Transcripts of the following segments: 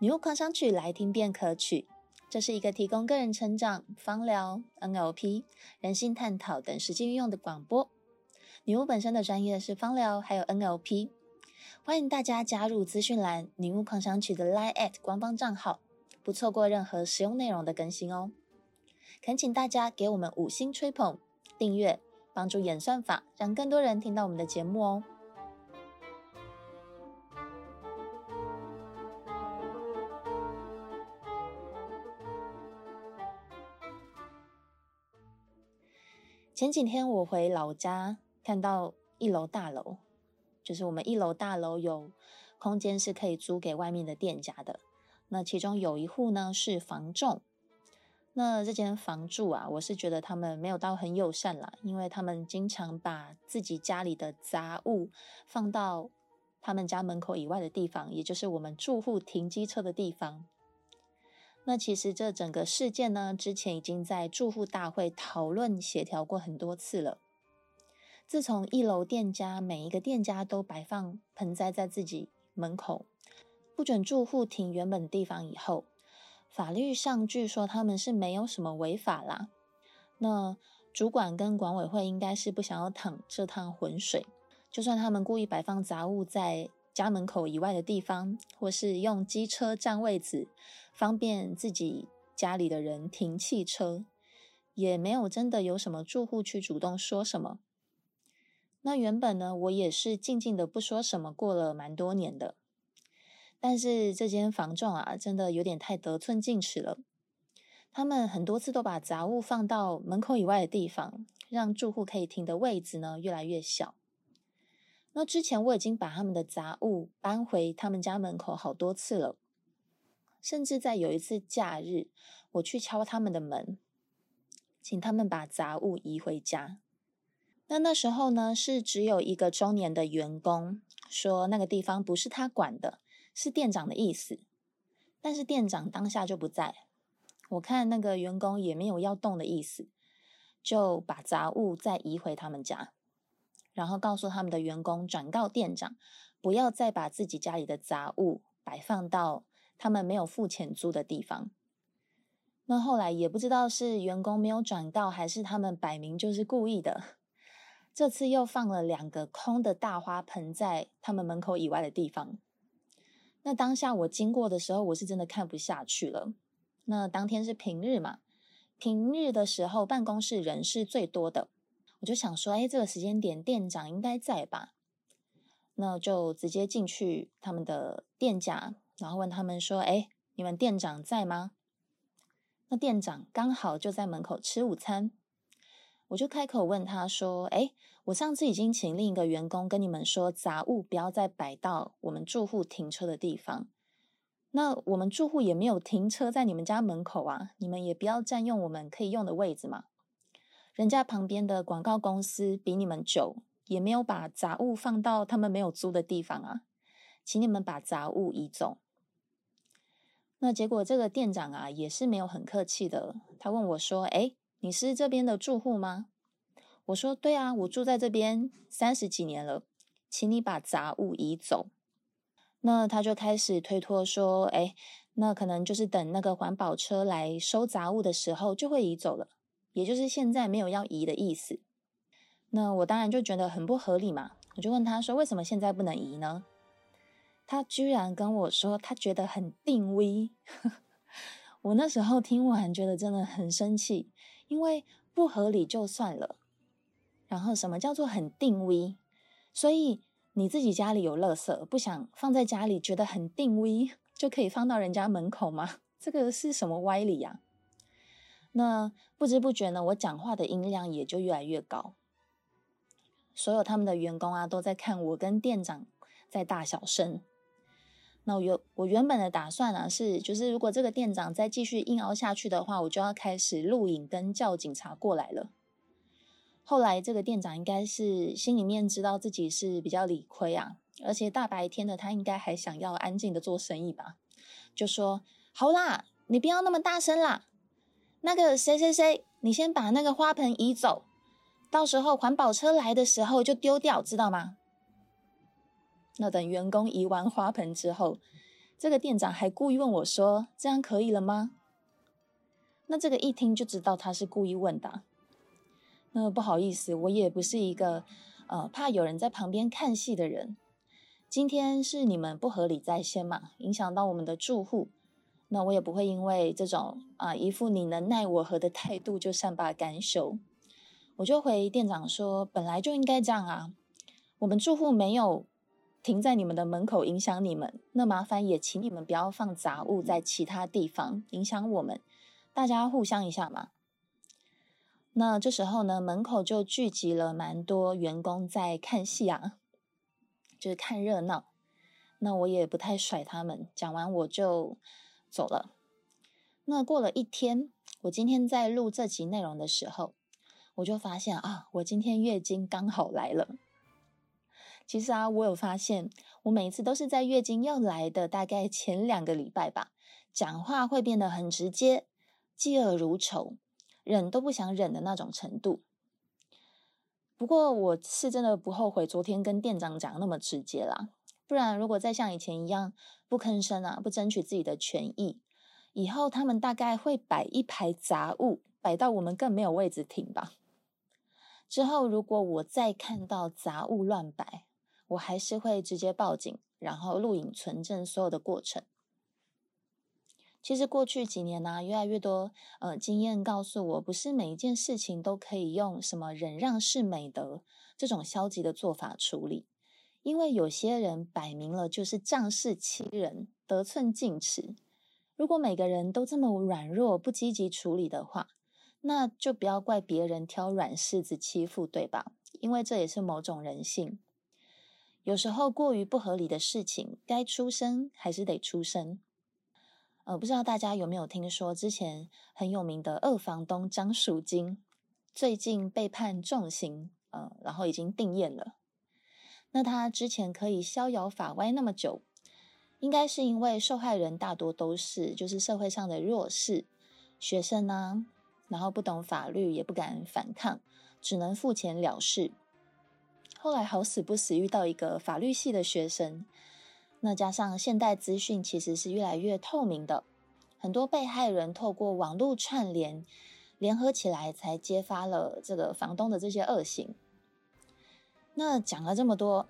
女巫狂想曲來聽便可取，這是一個提供個人成長、芳療、NLP、人性探討等實際運用的廣播。女巫本身的專業是芳療，還有 NLP。歡迎大家加入資訊欄“女巫狂想曲”的 line@ 官方賬號，不錯過任何實用內容的更新哦。懇請大家給我們五星吹捧、訂閱，幫助演算法，讓更多人聽到我們的節目哦。前幾天我回老家，看到一樓大樓，就是我們一樓大樓有空間是可以租給外面的店家的。那其中有一戶呢，是房仲，那這間房仲啊，我是覺得他們沒有到很友善啦，因為他們經常把自己家裡的雜物放到他們家門口以外的地方，也就是我們住戶停機車的地方。那其實這整個事件呢，之前已經在住戶大會討論協調過很多次了。自從一樓店家每一個店家都擺放盆栽在自己門口，不准住戶停原本的地方以後，法律上據說他們是沒有什麼違法啦。那主管跟管委會應該是不想要淌這趟渾水，就算他們故意擺放雜物在，家門口以外的地方，或是用機車占位子，方便自己家裡的人停汽車，也沒有真的有什麼住戶去主動說什麼。那原本呢，我也是靜靜的不說什麼，過了蠻多年的。但是這間房仲啊，真的有點太得寸進尺了。他們很多次都把雜物放到門口以外的地方，讓住戶可以停的位置呢，越來越小。那之前我已經把他們的雜物搬回他們家門口好多次了，甚至在有一次假日，我去敲他們的門，請他們把雜物移回家。那那時候呢，是只有一個中年的員工說那個地方不是他管的，是店長的意思。但是店長當下就不在，我看那個員工也沒有要動的意思，就把雜物再移回他們家。然後告訴他們的員工轉告店長，不要再把自己家裡的雜物擺放到他們沒有付錢租的地方。那後來也不知道是員工沒有轉告，還是他們擺明就是故意的。這次又放了兩個空的大花盆在他們門口以外的地方。那當下我經過的時候，我是真的看不下去了。那當天是平日嘛，平日的時候辦公室人是最多的。我就想說，哎，這個時間點店長應該在吧？那就直接進去他們的店家，然後問他們說，哎，你們店長在嗎？那店長剛好就在門口吃午餐。我就開口問他說，哎，我上次已經請另一個員工跟你們說，雜物不要再擺到我們住戶停車的地方。那我們住戶也沒有停車在你們家門口啊，你們也不要佔用我們可以用的位置嘛。人家旁邊的廣告公司比你們久，也沒有把雜物放到他們沒有租的地方啊，請你們把雜物移走。那結果這個店長啊也是沒有很客氣的，他問我說：“哎，你是這邊的住戶嗎？”我說：“對啊，我住在這邊三十幾年了，請你把雜物移走。”那他就開始推脫說：“哎，那可能就是等那個環保車來收雜物的時候就會移走了。”也就是現在沒有要移的意思，那我當然就覺得很不合理嘛，我就問他說，為什麼現在不能移呢？他居然跟我說他覺得很定威， 我那時候聽完覺得真的很生氣，因為不合理就算了，然後什麼叫做很定威？所以你自己家裡有垃圾不想放在家裡，覺得很定威就可以放到人家門口嗎？這個是什麼歪理呀，啊？那不知不覺呢，我講話的音量也就越來越高。所有他們的員工啊，都在看我跟店長在大小聲。那我原我原本的打算啊，是就是如果這個店長再繼續硬拗下去的話，我就要開始錄影跟叫警察過來了。後來這個店長應該是心裡面知道自己是比較理虧啊，而且大白天的，他應該還想要安靜的做生意吧，就說：“好啦，你不要那麼大聲啦。”那個誰誰誰，你先把那個花盆移走，到時候環保車來的時候就丟掉，知道嗎？那等員工移完花盆之後，這個店長還故意問我說：“這樣可以了嗎？”那這個一聽就知道他是故意問的。那不好意思，我也不是一個呃怕有人在旁邊看戲的人。今天是你們不合理在先嘛，影響到我們的住戶。那我也不會因為這種啊一副你能奈我何的態度就善罷甘休，我就回店長說：“本來就應該這樣啊，我們住戶沒有停在你們的門口影響你們，那麻煩也請你們不要放雜物在其他地方影響我們，大家互相一下嘛。”那這時候呢，門口就聚集了蠻多員工在看戲啊，就是看熱鬧。那我也不太甩他們，講完我就走了。那過了一天，我今天在錄這集內容的時候，我就發現啊，我今天月經剛好來了。其實啊，我有發現，我每一次都是在月經要來的大概前兩個禮拜吧，講話會變得很直接，嫉惡如仇，忍都不想忍的那種程度。不過我是真的不後悔昨天跟店長講那麼直接啦。不然，如果再像以前一樣不吭聲啊，不爭取自己的權益，以後他們大概會擺一排雜物，擺到我們更沒有位置停吧。之後，如果我再看到雜物亂擺，我還是會直接報警，然後錄影存證所有的過程。其實過去幾年呢、啊，越來越多呃經驗告訴我，不是每一件事情都可以用什麼忍讓是美德這種消極的做法處理。因為有些人擺明了就是仗勢欺人，得寸進尺。如果每個人都這麼軟弱，不積極處理的話，那就不要怪別人挑軟柿子欺負，對吧？因為這也是某種人性。有時候過於不合理的事情，該出聲還是得出聲。呃，不知道大家有沒有聽說，之前很有名的二房東張淑晶最近被判重刑，呃，然後已經定讞了。那他之前可以逍遙法外那麼久，應該是因為受害人大多都是就是社會上的弱勢學生呢，然後不懂法律也不敢反抗，只能付錢了事。後來好死不死遇到一個法律系的學生，那加上現代資訊其實是越來越透明的，很多被害人透過網絡串聯聯合起來，才揭發了這個房東的這些惡行。那講了這麼多，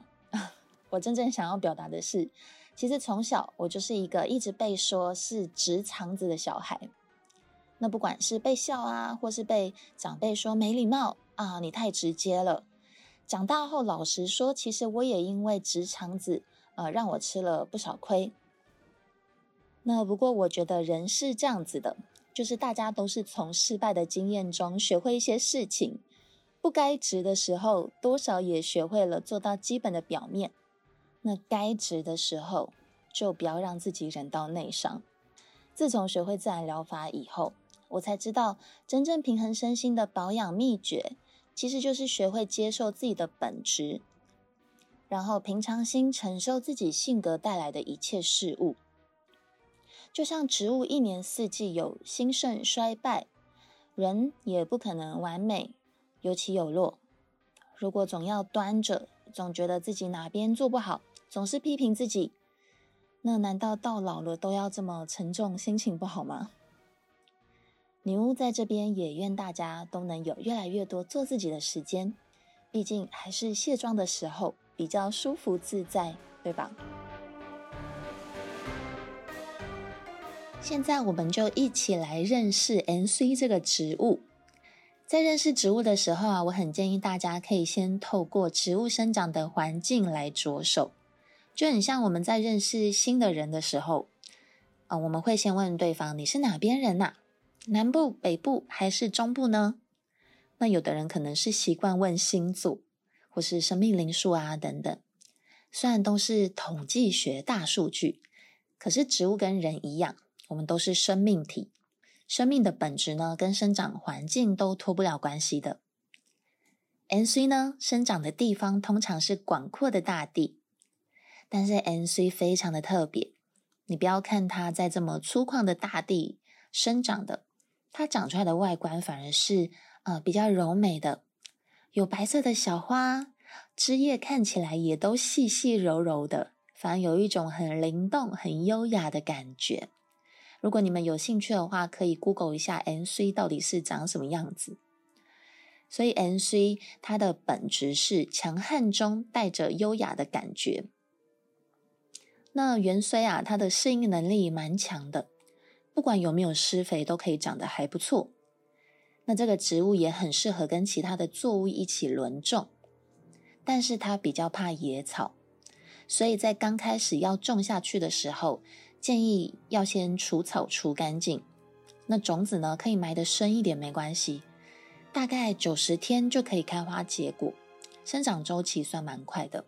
我真正想要表達的是，其實從小我就是一個一直被說是直腸子的小孩。那不管是被笑啊，或是被長輩說沒禮貌啊，你太直接了。長大後老實說，其實我也因為直腸子，呃、啊，讓我吃了不少虧。那不過我覺得人是這樣子的，就是大家都是從失敗的經驗中學會一些事情。不該直的時候，多少也學會了做到基本的表面；那該直的時候，就不要讓自己忍到內傷。自從學會自然療法以後，我才知道，真正平衡身心的保養秘訣，其實就是學會接受自己的本質，然後平常心承受自己性格帶來的一切事物。就像植物一年四季有興盛衰敗，人也不可能完美。有起有落，如果總要端着，總覺得自己哪邊做不好，總是批評自己，那難道到老了都要這麼沉重，心情不好嗎？女巫在這邊也願大家都能有越來越多做自己的時間，畢竟還是卸妝的時候比較舒服自在，對吧？現在我們就一起來認識 NC 這個植物。在認識植物的時候啊，我很建議大家可以先透過植物生長的環境來着手，就很像我們在認識新的人的時候，啊、呃，我們會先問對方你是哪邊人吶、啊，南部、北部還是中部呢？那有的人可能是習慣問星座或是生命靈數啊等等，雖然都是統計學大數據，可是植物跟人一樣，我們都是生命體。生命的本質呢，跟生長環境都脫不了關係的。芫荽呢，生長的地方通常是廣闊的大地，但是芫荽非常的特別。你不要看它在這麼粗獷的大地生長的，它長出來的外觀反而是呃比較柔美的，有白色的小花，枝葉看起來也都細細柔柔的，反而有一種很靈動、很優雅的感覺。如果你們有興趣的話，可以 Google 一下 NC 到底是長什麼樣子。所以 NC 它的本質是強悍中帶着優雅的感覺。那芫荽啊，它的適應能力蠻強的，不管有沒有施肥都可以長得還不錯。那這個植物也很適合跟其他的作物一起輪種，但是它比較怕野草，所以在剛開始要種下去的時候，建議要先除草除乾淨，那種子呢，可以埋得深一點，沒關係。大概九十天就可以開花結果，生長週期算蠻快的。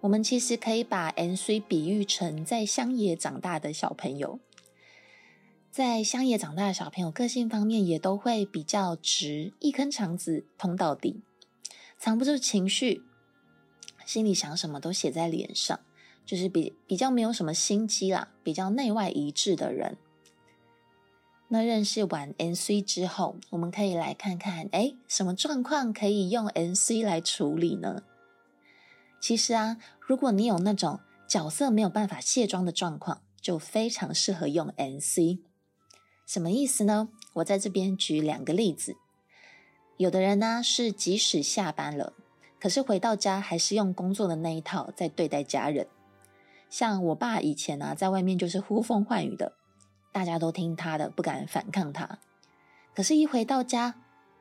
我們其實可以把 NC 比喻成在鄉野長大的小朋友，在鄉野長大的小朋友個性方面也都會比較直，一根腸子通到底，藏不住情緒，心裡想什麼都寫在臉上。就是比比較沒有什麼心機啦，比較內外一致的人。那認識完 NC 之後，我們可以來看看，哎，什麼狀況可以用 NC 來處理呢？其實啊，如果你有那種角色沒有辦法卸妝的狀況，就非常適合用 NC。什麼意思呢？我在這邊舉兩個例子。有的人呢、啊，是即使下班了，可是回到家還是用工作的那一套在對待家人。像我爸以前啊，在外面就是呼風喚雨的，大家都聽他的，不敢反抗他。可是，一回到家，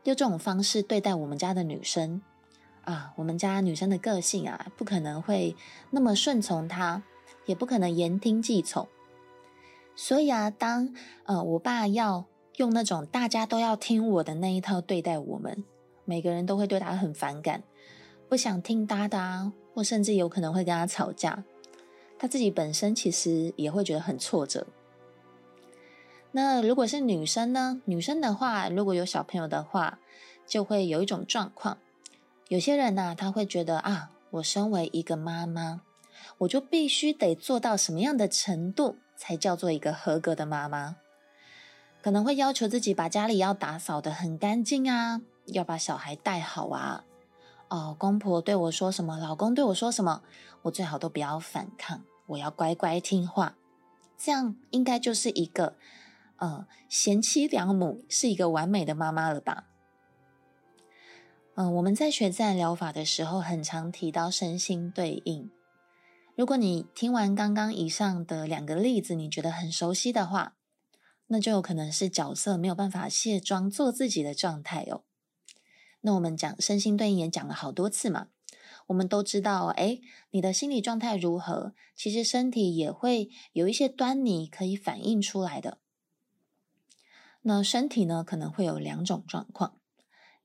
用這種方式對待我們家的女生啊，我們家女生的個性啊，不可能會那麼順從他，也不可能言聽計從。所以啊，當呃我爸要用那種大家都要聽我的那一套對待我們，每個人都會對他很反感，不想聽噠噠，或甚至有可能會跟他吵架。他自己本身其實也會覺得很挫折。那如果是女生呢？女生的話，如果有小朋友的話，就會有一種狀況。有些人吶，啊，他會覺得啊，我身為一個媽媽，我就必須得做到什麼樣的程度，才叫做一個合格的媽媽。可能會要求自己把家裡要打掃得很乾淨啊，要把小孩帶好啊。哦，公婆對我說什麼，老公對我說什麼，我最好都不要反抗。我要乖乖聽話，這樣應該就是一個，呃，賢妻良母，是一個完美的媽媽了吧？嗯、呃，我們在學自然療法的時候，很常提到身心對應。如果你聽完剛剛以上的兩個例子，你覺得很熟悉的話，那就有可能是角色沒有辦法卸妝做自己的狀態哦。那我們講身心對應也講了好多次嘛。我們都知道，誒，你的心理狀態如何，其實身體也會有一些端倪可以反映出來的。那身體呢，可能會有兩種狀況。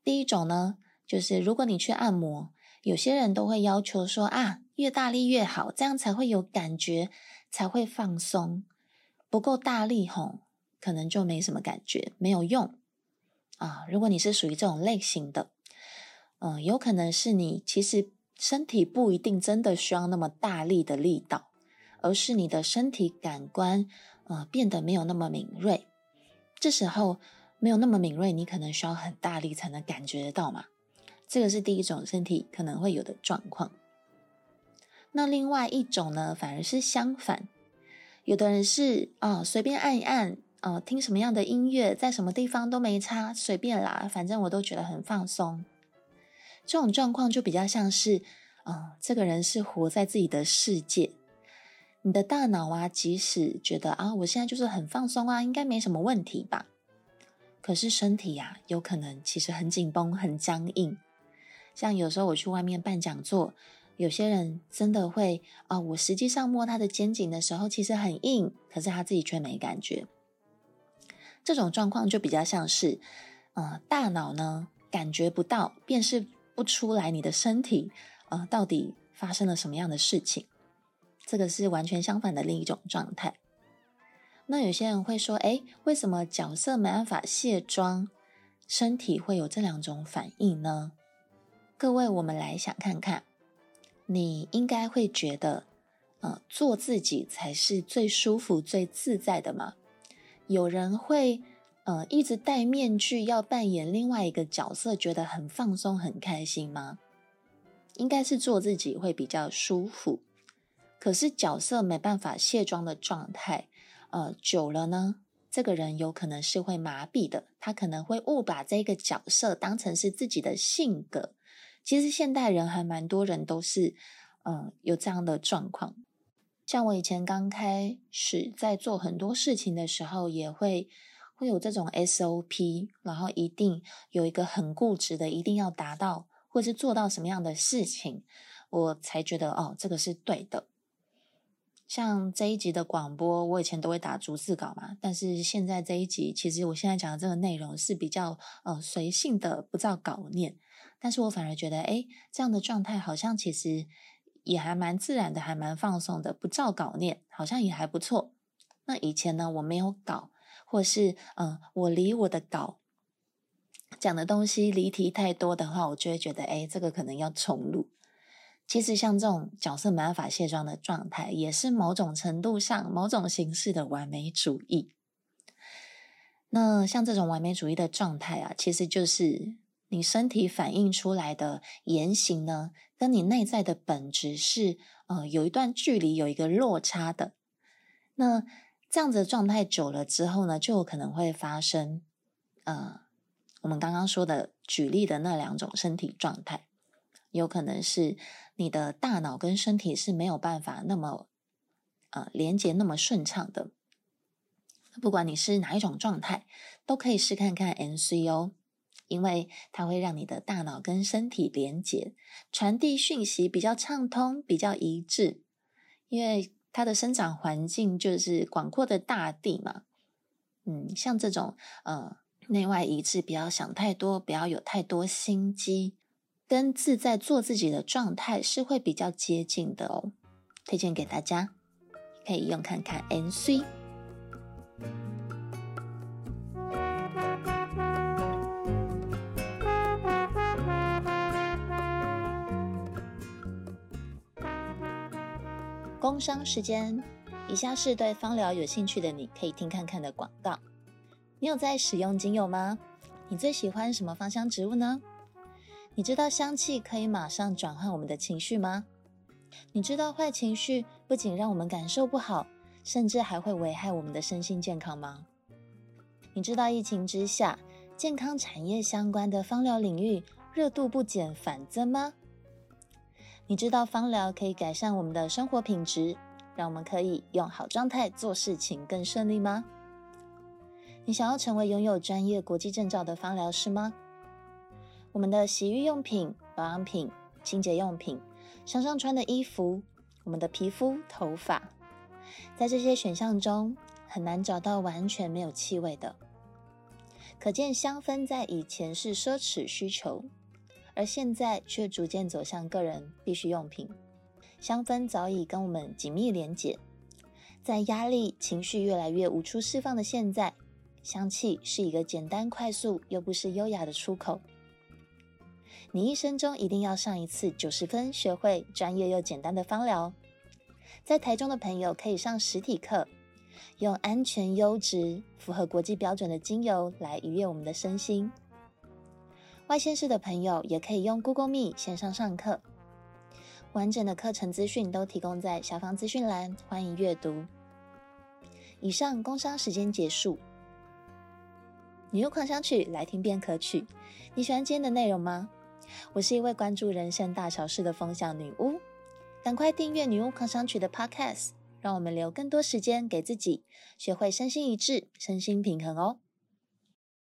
第一種呢，就是如果你去按摩，有些人都會要求說啊，越大力越好，這樣才會有感覺，才會放鬆。不夠大力吼，可能就沒什麼感覺，沒有用啊。如果你是屬於這種類型的，嗯、呃，有可能是你其實身體不一定真的需要那麼大力的力道，而是你的身體感官，呃，變得沒有那麼敏銳。這時候沒有那麼敏銳，你可能需要很大力才能感覺得到嘛。這個是第一種身體可能會有的狀況。那另外一種呢，反而是相反，有的人是啊、呃，隨便按一按，哦、呃，聽什麼樣的音樂，在什麼地方都沒差，隨便啦，反正我都覺得很放鬆。這種狀況就比較像是，嗯、呃，這個人是活在自己的世界。你的大腦啊，即使覺得啊，我現在就是很放鬆啊，應該沒什麼問題吧？可是身體啊，有可能其實很緊繃、很僵硬。像有時候我去外面辦講座，有些人真的會啊，我實際上摸他的肩頸的時候，其實很硬，可是他自己卻沒感覺。這種狀況就比較像是，嗯、呃，大腦呢，感覺不到，便是。不出來，你的身體，呃，到底發生了什麼樣的事情？這個是完全相反的另一種狀態。那有些人會說：“誒，為什麼角色沒辦法卸妝，身體會有這兩種反應呢？”各位，我們來想看看，你應該會覺得，呃，做自己才是最舒服、最自在的嘛？有人會。呃，一直戴面具要扮演另外一個角色，覺得很放鬆，很開心嗎？應該是做自己會比較舒服。可是角色沒辦法卸妝的狀態，呃，久了呢，這個人有可能是會麻痹的，他可能會誤把這個角色當成是自己的性格。其實現代人還蠻多人都是，嗯、呃，有這樣的狀況。像我以前剛開始在做很多事情的時候，也會。會有這種 SOP，然後一定有一個很固執的，一定要達到或是做到什麼樣的事情，我才覺得哦，這個是對的。像這一集的廣播，我以前都會打逐字稿嘛，但是現在這一集，其實我現在講的這個內容是比較呃隨性的，不照稿念，但是我反而覺得，誒這樣的狀態好像其實也還蠻自然的，還蠻放鬆的，不照稿念好像也還不錯。那以前呢，我沒有稿。或是嗯、呃，我離我的稿講的東西離題太多的話，我就會覺得，誒這個可能要重錄。其實像這種角色無法卸妝的狀態，也是某種程度上某種形式的完美主義。那像這種完美主義的狀態啊，其實就是你身體反映出來的言行呢，跟你內在的本質是呃有一段距離，有一個落差的。那。這樣子的狀態久了之後呢，就有可能會發生，呃，我們剛剛說的舉例的那兩種身體狀態，有可能是你的大腦跟身體是沒有辦法那麼，呃，連接那麼順暢的。不管你是哪一種狀態，都可以試看看 NCO，因為它會讓你的大腦跟身體連接、傳遞訊息比較暢通、比較一致，因為。它的生長環境就是廣闊的大地嘛，嗯，像這種，呃，內外一致，不要想太多，不要有太多心機，跟自在做自己的狀態是會比較接近的哦，推薦給大家，可以用看看 NC。工商時間，以下是對芳療有興趣的，你可以聽看看的廣告。你有在使用精油嗎？你最喜歡什麼芳香植物呢？你知道香氣可以馬上轉換我們的情緒嗎？你知道壞情緒不僅讓我們感受不好，甚至還會危害我們的身心健康嗎？你知道疫情之下，健康產業相關的芳療領域熱度不減反增嗎？你知道芳療可以改善我們的生活品質，讓我們可以用好狀態做事情更順利嗎？你想要成為擁有專業國際證照的芳療師嗎？我們的洗浴用品、保養品、清潔用品、身上穿的衣服，我們的皮膚、頭髮，在這些選項中很難找到完全沒有氣味的。可見香氛在以前是奢侈需求，而現在卻逐漸走向個人必需用品，香氛早已跟我們緊密連接，在壓力、情緒越來越無處釋放的現在，香氣是一個簡單、快速又不失優雅的出口。你一生中一定要上一次九十分，學會專業又簡單的芳療。在台中的朋友可以上實體課，用安全、優質、符合國際標準的精油來愉悅我們的身心。外線市的朋友也可以用 Google Meet 線上上課。完整的課程資訊都提供在下方資訊欄，歡迎閱讀。以上工商時間結束。女巫狂想曲來聽便可取，你喜歡今天的內容嗎？我是一位關注人生大小事的風象女巫，趕快訂閱女巫狂想曲的 Podcast，讓我們留更多時間給自己，學會身心一致、身心平衡哦。